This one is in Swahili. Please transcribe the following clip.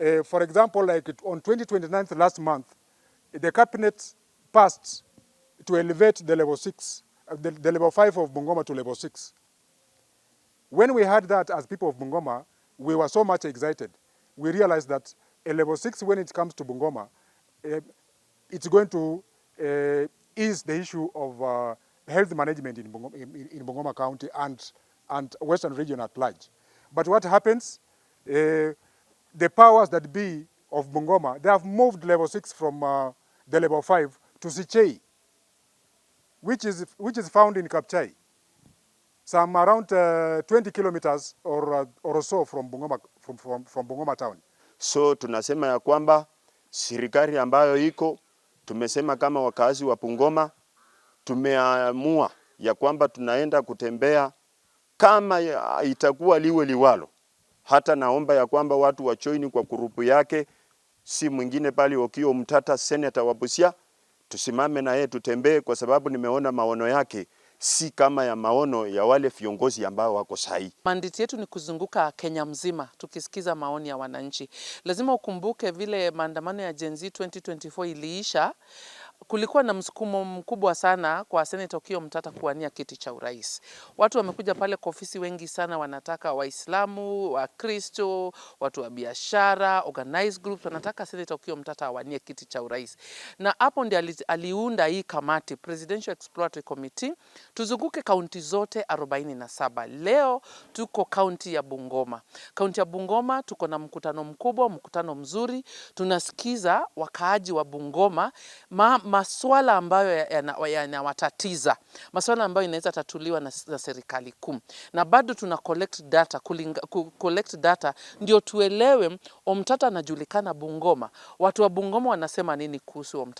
Uh, for example, like on 2029 last month, the cabinet passed to elevate the level six, uh, the, the, level five of Bungoma to level six. When we heard that as people of Bungoma, we were so much excited. We realized that a level six, when it comes to Bungoma, uh, it's going to uh, ease the issue of uh, health management in Bungoma, in, in Bungoma County and, and Western region at large. But what happens? Uh, the powers that be of Bungoma, they have moved level 6 from uh, the level 5 to Sichei, which is, which is found in Kapchai, some around uh, 20 kilometers or, uh, or so from Bungoma, from, from, from Bungoma town. So tunasema ya kwamba serikali ambayo iko tumesema kama wakazi wa Bungoma tumeamua ya kwamba tunaenda kutembea kama itakuwa liwe liwalo hata naomba ya kwamba watu wachoini kwa kurupu yake, si mwingine bali Okiya Mtata, seneta wa Busia. Tusimame na yeye tutembee, kwa sababu nimeona maono yake si kama ya maono ya wale viongozi ambao wako sahi. Mandate yetu ni kuzunguka Kenya mzima tukisikiza maoni ya wananchi. Lazima ukumbuke vile maandamano ya Gen Z 2024 iliisha kulikuwa na msukumo mkubwa sana kwa seneta Okiya mtata kuwania kiti cha urais. Watu wamekuja pale kwa ofisi wengi sana, wanataka Waislamu, Wakristo, watu wa biashara, organized groups wanataka Seneta Okiya Omtata awanie kiti cha urais, na hapo ndio aliunda hii kamati Presidential Exploratory Committee, tuzunguke kaunti zote 47. Leo tuko kaunti ya Bungoma. Kaunti ya Bungoma tuko na mkutano mkubwa, mkutano mzuri, tunasikiza wakaaji wa Bungoma ma maswala ambayo yanawatatiza ya, ya, maswala ambayo inaweza tatuliwa na, na serikali kuu, na bado tuna collect data, kulinga, collect data ndio tuelewe Omtata anajulikana Bungoma, watu wa Bungoma wanasema nini kuhusu Omtata.